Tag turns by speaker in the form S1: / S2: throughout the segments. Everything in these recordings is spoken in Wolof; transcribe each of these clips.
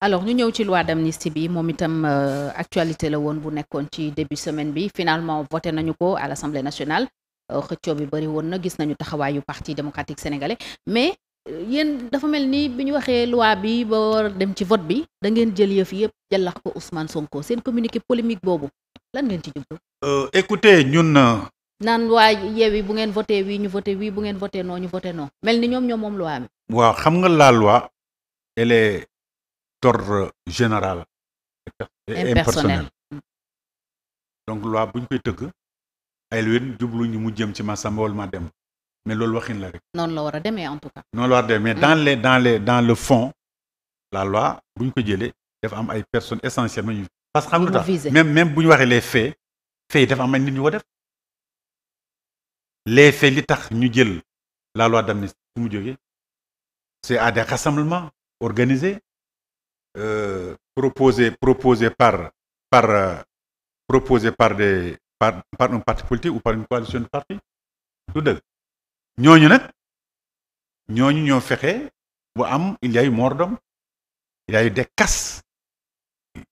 S1: alors ñu ñëw ci loi d'amnistie bi moom itam euh, actualité la woon bu nekkoon ci début semaine bi finalement voté nañu ko à l'Assemblée nationale euh, xëccoo bi bëri woon na gis nañu taxawaayu parti démocratique sénégalais mais euh, yéen dafa mel ni bi ñu waxee loi bi ba war dem ci vote bi da ngeen jël yëf yëpp jàllax ko Ousmane Sonko seen communiqué polémique boobu lan ngeen ci jublu.
S2: écoutez ñun.
S1: naan waa Yewwi bu ngeen voté wii ñu voté wii bu ngeen voté non ñu voté non mel ni ñoom ñoom moom loi bi.
S2: xam nga la loi d'ordre général et impersonnel donc loi bu ñu koy tëgg ay luwén jublu ñu mu jëm ci ma sàmba ma dem mais loolu waxin la rek
S1: noonu la war a demee en tout cas noonu la war a demee mais hmm? dans
S2: les dans les dans le fond la loi bu ñu ko jëlee dafa am ay personnes essentiellement ñu parce que xam nga tax même même bu ñu waxee les faits faits yi dafa am ay nit ñu ko def les faits li tax ñu jël la loi d'amnistie fu mu jógee c'est à des rassemblements organisés euh, proposé proposé par par euh, proposé par des par par un parti politique ou par une coalition de partis du ñooñu nag ñooñu ñoo fexe bu am il y a eu mort d'homme il y a eu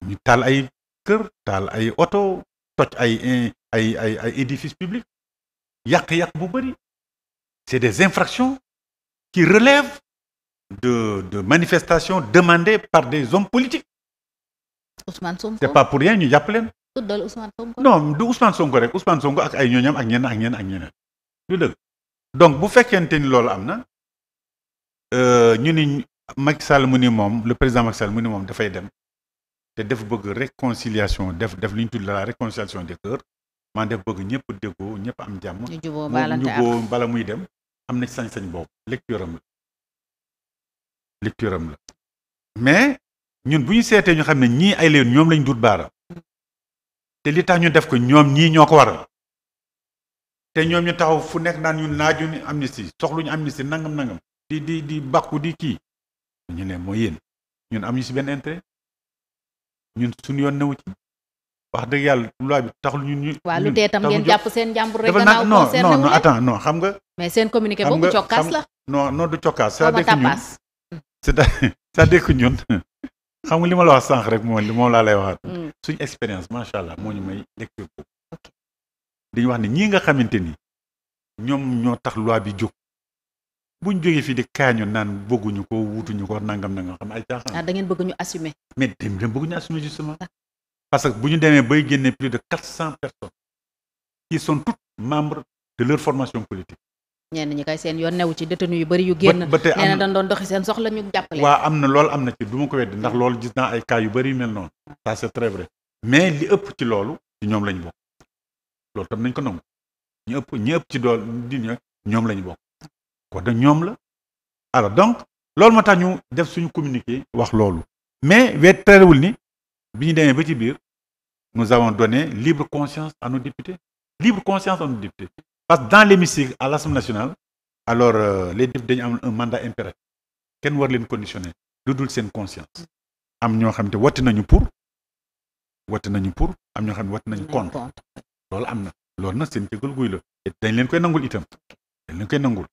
S2: ñu taal ay kër taal ay oto toj ay ay ay ay édifices publics yàq-yàq bu bëri c'est des infractions qui relèvent de manifestation manifestations par des hommes politiques.
S1: Ousmane Sonko c'est pas
S2: pour rien ñu jàpp leen.
S1: tuddal Ousmane Sonko
S2: non du Ousmane Sonko rek Ousmane ak ay ñooñam ak ñenn ak ñenn ak ñeneen. du dëgg donc bu fekkente ni loolu am na euh, ñu ni Macky Sall mu ni moom le président Macky Sall mu ni moom dafay dem te def bëgg réconciliation def def li ñu tudd la réconciliation des cœurs man def bëgg ñëpp déggoo ñëpp am jàmm.
S1: ñu juboo bala
S2: muy dem am na sañ-sañ boobu lecture am lecture am la mais ñun bu ñu seetee ñu xam ne ñii ay léegi ñoom lañ dut baara te li tax ñu def ko ñoom ñii ñoo ko waral te ñoom ñu taxaw fu nekk naan ñun naaju ni amnistie soxluñu amnistie nangam nangam di di di bàkku di kii ñu ne mooy yéen ñun am ñu si benn intérêt ñun suñu yoon newu ci wax dëgg yàlla loi bi taxul ñun ñu. waaw lu dee tam ngeen jàpp seen
S1: jàmbur rek. gannaaw non non non attends xam nga. mais seen communiqué boobu cokkaas la.
S2: non non du cokkaas. cest cest à dëkk que ñun xam nga li ma la wax sànq rek moom li moom laa lay waxaat. Mm. suñu expérience macha allah moo ñu may lecture boobu. dañu wax ne ñii nga xamante ni ñoom ñoo tax loi bi jóg buñ jógee fii di kaañu naan bëgguñu ko wutuñu ko nangam na nga xam
S1: ay caaxaan. ah da ngeen bëgg ñu assumer.
S2: mais dem dem bëgg ñu assumer ah. parce que bu ñu demee bay génnee plus de quatre cent personnes qui sont toutes membres de leur formation politique.
S1: ñenn ñi kay seen yoon newu ci détenu yu bëri yu génn ba tey nee na doxi seen soxla ñu jàppale waa
S2: am na loolu am na ci du ma ko weddi ndax loolu gis naa ay cas yu bëri yu mel noonu ça c'est très mais li ëpp ci loolu ci ñoom lañu bokk loolu tam nañ ko nangu ñu ëpp ci dool di ñoom lañu bokk kon nag ñoom la alors donc loolu moo tax ñu def suñu communiqué wax loolu mais weet terewul ni bi ñu demee ba ci biir nous avons donné libre conscience à nos députés libre conscience à parce que dans l'hémicycle à l'Assemblée nationale alors euh, les députés dañu am un mandat impératif kenn war leen conditionné lu dul seen conscience am ñoo xam te wati nañu pour wati nañu pour am ñoo xam ne wati nañu contre loolu am na loolu na seen jégal guy la dañ leen koy nangul itam dañ leen koy nangul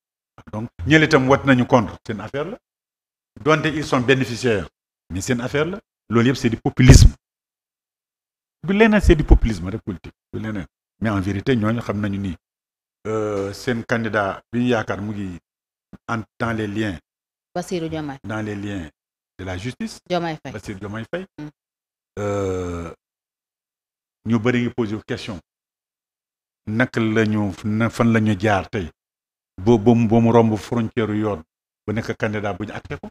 S2: donc ñële itam wati nañu contre seen affaire la donte ils sont bénéficiaires mais seen affaire la loolu yëpp c'est du populisme du leneen c'est du populisme rek politique du leneen mais en xam nañu nii Euh, seen candidat bi ñu yaakaar mu ngi en dans les liens.
S1: Bassirou Diomaye
S2: dans les liens de la justice. Diomaye Faye Bassirou Diomaye Faye. Mm. Euh, ñu bëri ngi posé question nak la ñu fan la ñu jaar tey bo ba mu ba mu romb frontière yoon bu nekk candidat bu ak acté ko.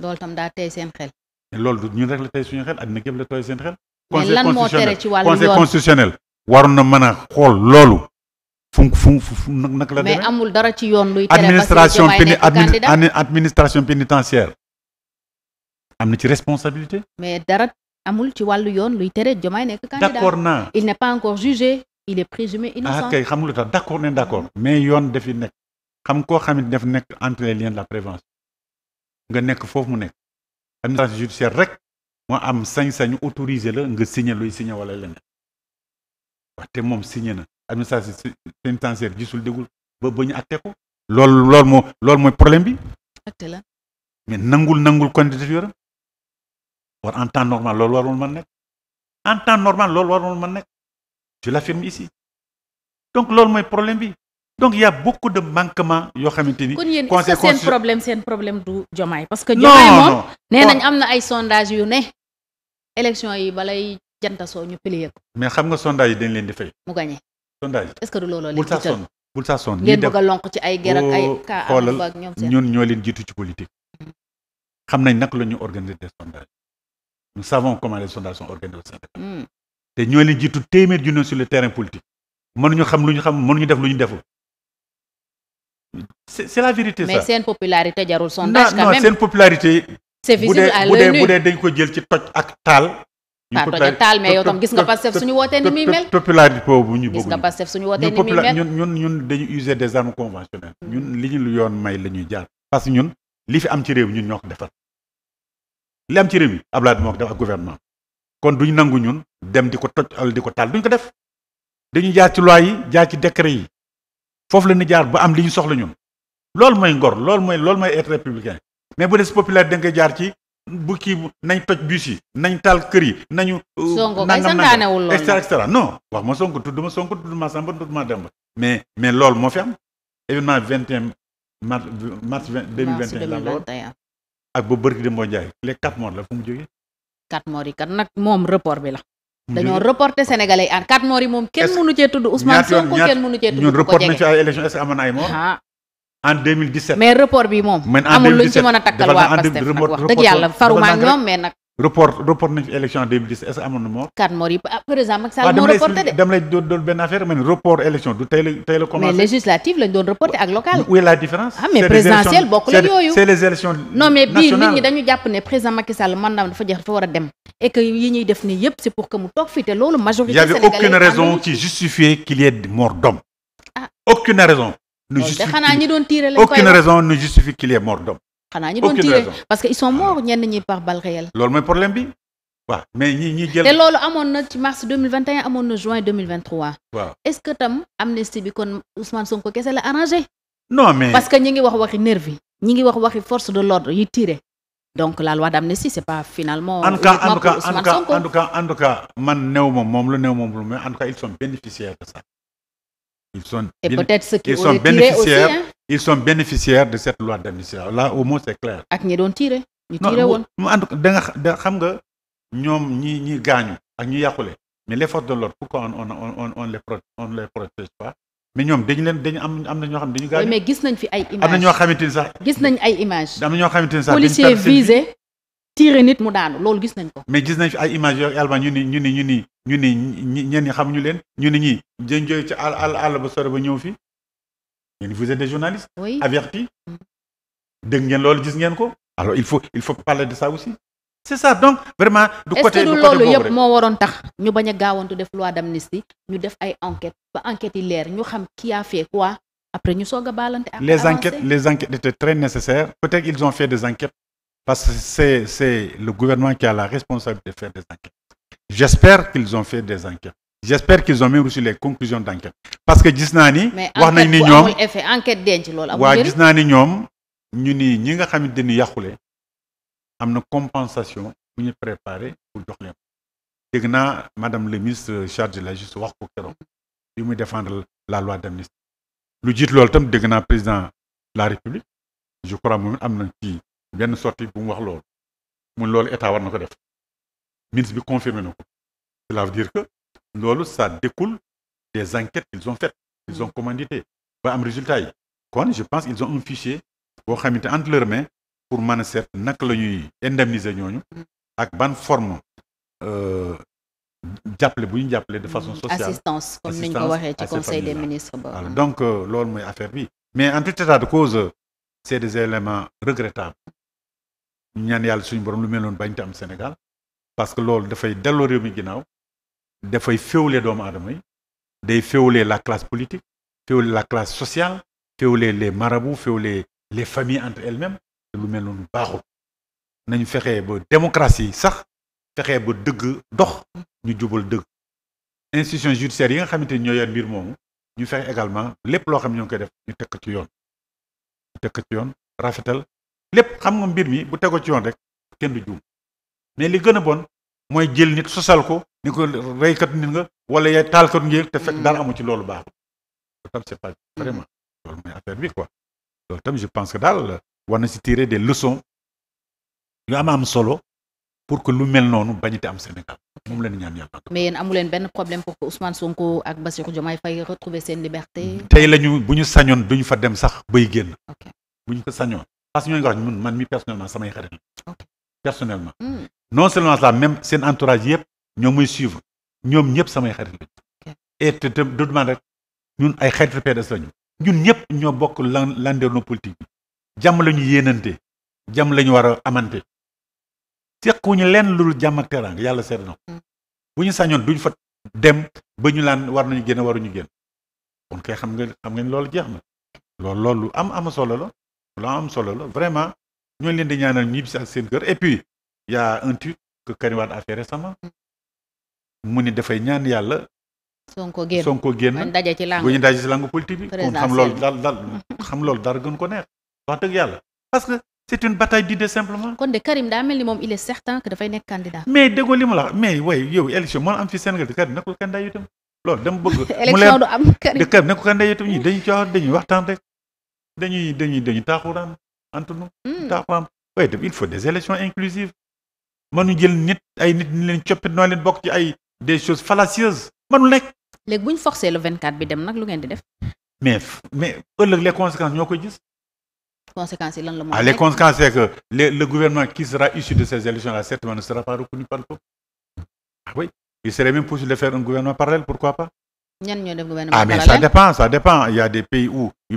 S1: loolu tam daa tey seen xel.
S2: loolu ñun rek la tey suñu xel àddina gépp la tey seen xel. mais lan moo tere ci wàllu yoon conseil constitutionnel waroon na mën a xool loolu. fu fu fu nag la demee mais
S1: amul dara ci yoon luy tere administration péni
S2: administration pénitentiaire am na ci responsabilité.
S1: mais dara amul ci wàllu yoon luy tere Diomaye nekk candidat. d'accord naa il n'est pas encore jugé il est présumé ah, innocent. ah kay
S2: xam lu tax d'accord nañ d'accord mais yoon defi nekk xam ko xam ne daf nekk entre lien liens de la prévention nga nekk foofu mu nekk administration judiciaire rek moo am sañ-sañu autoriser la nga signer luy signer wala leneen. wax te moom signé na administration pénitentiaire gisul dégul ba ba ñu atte ko loolu loolu moo loolu mooy problème bi atte la mais nangul nangul candidature war en temps normal loolu warul mën nekk en temps normal loolu warul mën nekk je l'affirme ici donc loolu mooy problème bi donc y' a beaucoup de manquements yoo xamante ni. kon yéen est seen problème
S1: seen problème du Diomaye. parce que Diomaye moom nee am na ay sondage yu ne. élection yi balay janta soo ñu plier
S2: mais xam nga sondage yi dañ leen di fay. mu gagné sondage est du looloo leen. bul ci ay ger ak ay kaa oh, xoolal ñun ñoo leen jiitu ci politique. Mm-hmm. xam nañ naka la ñu organiser des sondages nous savons comment les sondages sont organisés au Sénégal. Mm. te ñoo leen jiitu téeméer junne sur le terrain politique mënuñu xam lu ñu xam mënuñu def lu ñu deful. c'est c'est la vérité mais mais seen
S1: popularité jarul sondage. quand même non seen popularité. c'est visible bu dee bu
S2: dee dañ ko jël ci toj ak taal. ñu populaire taal mais yow tam gis nga Pastef suñu
S1: wootee ni muy ñun
S2: ñun ñun dañu user des conventionnelles. ñun li ñu yoon may la ñuy jaar. parce que ñun li fi am ci réew ñun ñoo ko defar li am ci réew mi Abdoulaye moo ko def ak gouvernement kon duñ nangu ñun dem di ko toj al di ko taal duñ ko def dañuy jaar ci loi yi jaar ci décret yi foofu la ñu jaar ba am li ñu soxla ñun loolu mooy ngor loolu mooy loolu mooy être républicain mais bu des populaire da nga jaar ci bu kii nañ toj bus yi nañ taal kër yi nañu. Euh, Sonko kay santaanewul loolu et cetera et cetera non ma Sonko tudd ma Sonko tudd ma Samba tudd ma Demba mais mais loolu moo fi am événement 21 mars la woon ak ba bërki dem boo jaay les quatre morts la fu mu jógee.
S1: quatre morts yi kat nag moom report bi la. dañoo reporté sénégalais yi en quatre morts yi moom kenn mënu cee tudd Ousmane Sonko kenn mënu cee tudd. ñun report nañ ci ay
S2: élection est-ce na ay morts. Ah. en 2017. mais report bi moom. amul lu ñu ci mën a takkal waa Pastef nag wax dëgg yàlla faruma ñoom mais nag. report report élection 2017 est ce que amoon na moo.
S1: quatre morts yi ah doon benn ak local. où est la
S2: différence. ah bokk la yooyu. c'est les élections mais bii nit dañu
S1: jàpp ne président Macky Sall mandaam dafa jeex dafa war a dem. et yi ñuy def nii yëpp c'est pour que mu toog fii te loolu majorité. sénégalais
S2: y avait y ne justifie xanaa
S1: ñi doon tiire lañ ah.
S2: loolu mooy problème bi waaw mais ñi ñi jël. loolu
S1: amoon na ci mars 2021 amoon na juin 2023. waaw est-ce que bi kon Ousmane Sonko kese la arrangé. parce que ñi ngi wax waxi nervi ñi ngi wax waxi force de l'ordre yi tiire donc la loi d'amnistie c'est pas finalement. en tout cas en tout cas en tout
S2: cas en tout cas man néew ma moom la néew moom lu mais en tout cas ils sont bénéficiaires de ça. Ils sont, Et peut-être ceux qui ils sont bénéficiaires. Aussi, hein? Ils sont bénéficiaires de cette loi d'amnistie. Là, au moins, c'est clair.
S1: Ak ñi doon tirer. ñu tirer woon
S2: non en tout xam nga ñoom ñi ñi gaañu ak ñu yàqule mais les forces de l'ordre pourquoi on on les on les mais ñoom dañu leen dañu am am na ñoo xam dañu gaañu. mais
S1: gis nañ fi ay images am na
S2: ñoo xamante sax.
S1: gis nañ ay images.
S2: am na ñoo xamante ni sax policier visé.
S1: tiire nit mu daanu loolu gis nañ ko.
S2: mais gis nañ fi ay image yooyu alba ñu ni ñu ni ñu ni ñu ni ñi ñenn ñi xamuñu leen ñu ni ñi jën jooy ci àll àll ba sore ba ñëw fi yéen vous êtes des journalistes. oui avertis. Mm. dégg ngeen loolu gis ngeen ko. alors il faut il faut parler de ça aussi. c'est ça donc vraiment. du côté du est-ce loolu yëpp moo
S1: waroon tax ñu bañ a gaawantu def loi d'amnistie ñu def ay enquêtes ba enquêtes yi leer ñu xam qui a fait quoi après ñu soog a baalante. les enquêtes
S2: les enquêtes Parce que c'est le gouvernement ki a la responsabilité de faire des enquêtes. J'espère qu'ils ont fait des enquêtes. J'espère qu'ils ont même reçu les conclusions d'enquête. Parce que gis naa ni. wax nañ ni ñoom
S1: effet enquête denc loolu amul waa gis
S2: naa ni ñoom ñu ni ñi nga xamante ni yàqule am na compensation mu ñu préparé pour jox leen. dégg naa madame le ministre chargé de la justice wax ko keroog li muy défendre la loi d'amnistie lu jiit loolu tam dégg naa président la république je crois moom am na ci benn sortie bu mu wax loolu mun loolu état war na ko def ministre bi confirmé na ko cela veut dire que loolu ça découle des enquêtes qu'ils ont faites ils ont commandité ba am résultat yi kon je pense ils ont un boo xamante entre leurs mains pour mën a seet naka la ñuy indemniser ñooñu ak ban forme euh, jàppale bu ñu jàppale de façon sociale assistance comme ni ñu donc euh, loolu mooy affaire bi mais en tout état de cause c'est des éléments regrettables ñaan yàlla suñu borom lu mel noonu bañ te am Sénégal parce que loolu dafay delloo réew mi ginnaaw dafay féewle doomu aadama yi day féewle la classe politique féewle la classe sociale féewle les marabouts féewle les familles entre elles-mêmes te lu mel noonu baaxul nañu fexe ba démocratie sax fexe ba dëgg dox ñu jubal dëgg institution judiciaire yi nga xamante ni ñoo yor mbir moomu ñu fexe également lépp loo xam ñoo ngi koy def ñu tekk ci yoon yoon rafetal lépp xam nga mbir mi bu tegoo ci yoon rek kenn du juum mais li gën a bon mooy jël nit sosal ko ni ko reykat nit nga wala yaay taalkat ngir te fekk mm. daal amu ci loolu baax loolu vraiment mooy affaire bi quoi tam je pense que daal war na si tirer des leçons yu am am solo pour que lu mel noonu bañite am Sénégal moom leen ñaan yàlla.
S1: mais yéen amu leen benn problème pour que Ousmane Sonko ak Bassirou Diomaye Faye retrouver seen liberté.
S2: tey lañu bu ñu sañoon duñu fa dem sax bay génn. bu ñu ko sañoon parce ñoo ñooñu nga wax ñun man mi personnellement samay xarit la personnellement hmm. non seulement ça même seen entourage yëpp ñoo muy suivre ñoom ñëpp samay xarit lañu et te te du man rek ñun ay xaritu PDS lañu ñun ñëpp ñoo bokk lan landerno politique bi jàmm la ñu yéenante jam la ñu war a amante sequñu leen lu dul jàmm ak teraanga yàlla seet na ko hmm. bu ñu sañoon duñ fa dem ba ñu laan war nañu génn waruñu génn kon kay xam nga xam nga loolu jeex na loolu loolu am am solo la la am solo la vraiment ñu leen di ñaanal ñibbi si ak seen kër et puis y a un truc que Karim Wade a fait récemment mu ni dafay ñaan yàlla. Sonko génn Sonko génn daje ci langue bu bi. président xam loolu dara gën ko neex wax dëgg yàlla parce que c'est une bataille d'idées simplement.
S1: kon de Karim daa mel ni moom il est certain que dafay nekk candidat.
S2: mais déggoo li ma la mais way yow élection moo am fi Sénégal de Karim nekkul candidat itam loolu dama bëgg. élection dañuy dañuy dañuy taaxuraan entre nous hmm. taaxuraan waaye tam il faut des élections inclusives mënu jël nit ay nit ñi leen coppit noo leen bokk ci ay des choses fallacieuses
S1: mënul nekk léegi bu ñu forcé le 24 bi dem nag lu ngeen di def
S2: mais mais ëllëg les conséquences ñoo koy gis
S1: conséquences yi lan la ah les conséquences
S2: c'est que le, le gouvernement qui sera issu de ces élections là certainement ne sera pas reconnu par le ah pourquoi ah,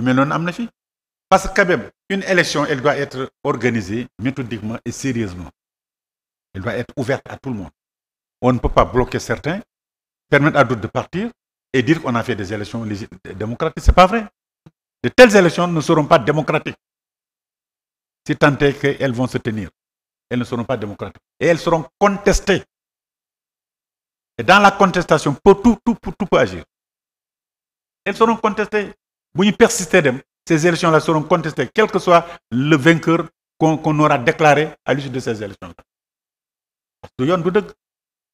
S2: mel noonu am na fi Parce que quand même, une élection, elle doit être organisée méthodiquement et sérieusement. Elle doit être ouverte à tout le monde. On ne peut pas bloquer certains, permettre à d'autres de partir et dire qu'on a fait des élections démocratiques. Ce n'est pas vrai. De telles élections ne seront pas démocratiques. Si tant est qu'elles vont se tenir, elles ne seront Et elles seront contestées. Et dans la contestation, pour tout, tout, pour, tout peut agir. Elles seront contestées. Si de persistons, ces élections-là seront contestées, quel que soit le vainqueur qu'on qu aura déclaré à l'issue de ces élections-là. du yoon du dëgg.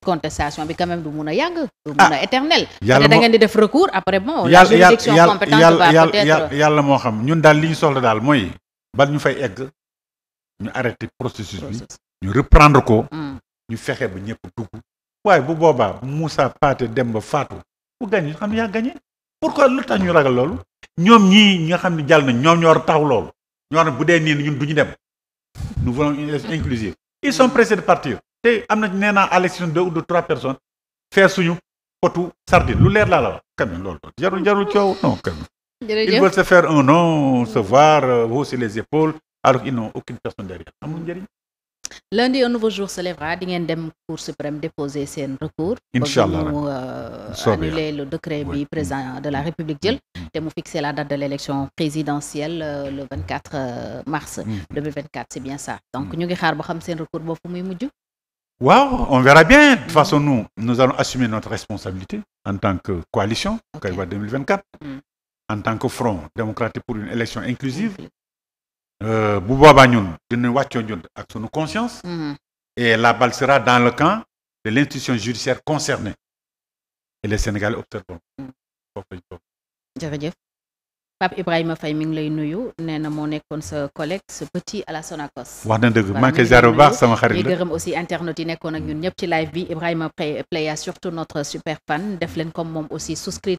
S1: contestation bi quand même du mun a yàgg. du mun a ah, éternel. yàlla da ngeen di def recours après bon. la juridiction compétente va peut-être
S2: yàlla moo xam ñun daal li ñu soxla daal mooy. bal ñu fay egg ñu arrêté processus bi ñu reprendre ko. Hmm. ñu fexe ba ñëpp dugg. waaye bu boobaa Moussa Pathé Demba Fatou. bu gagné xam yaa gagné. pourquoi lu tax ñu ragal loolu. ñoom ñii ñi nga xam ne jàll nañ ñoom ñoo war a loolu ñoo xam bu dee nii ñun du ñu dem nous voulons une élection inclusive ils sont pressés de partir te am na nee naa à deux ou de trois personnes faire suñu potu sardine lu leer laa la wax quand même loolu jarul jarul coow non quand même ils veulent un non se voir euh, hausser les épaules alors qu'ils n'ont aucune personne derrière
S1: njëriñ lundi un nouveau jour se lèvera di ngeen dem cour suprême déposer seen recours incha allah mu annuler le décret bi président de la mm. république jël mm. Mm. te mu fixer la date de l'élection présidentielle euh, le 24 euh, mars 2024 c'est bien ça donc ñu ngi xaar ba xam seen recours boobu muy mujj
S2: waaw on verra bien de toute façon nous nous allons assumer notre responsabilité en tant que coalition Kaiwa 2024 en tant que front démocratique pour une élection inclusive Euh, bu boobaa ñun dina wàccoo ñun ak nu conscience. Mm-hmm. et la bal sera dans le camp de l'institution judiciaire concernée et les Sénégalais observeront. Mm. foofu lañ toog.
S1: jërëjëf Pape Ibrahima Faye mi ngi lay nuyu nee na moo nekkoon sa collègue sa petit à la Sonacos. wax dëgg maa ngi koy ziar bu baax sama xarit la gërëm aussi internautes yi nekkoon ak ñun ñëpp ci live bi Ibrahima Pleya surtout notre super def leen comme moom aussi souscrit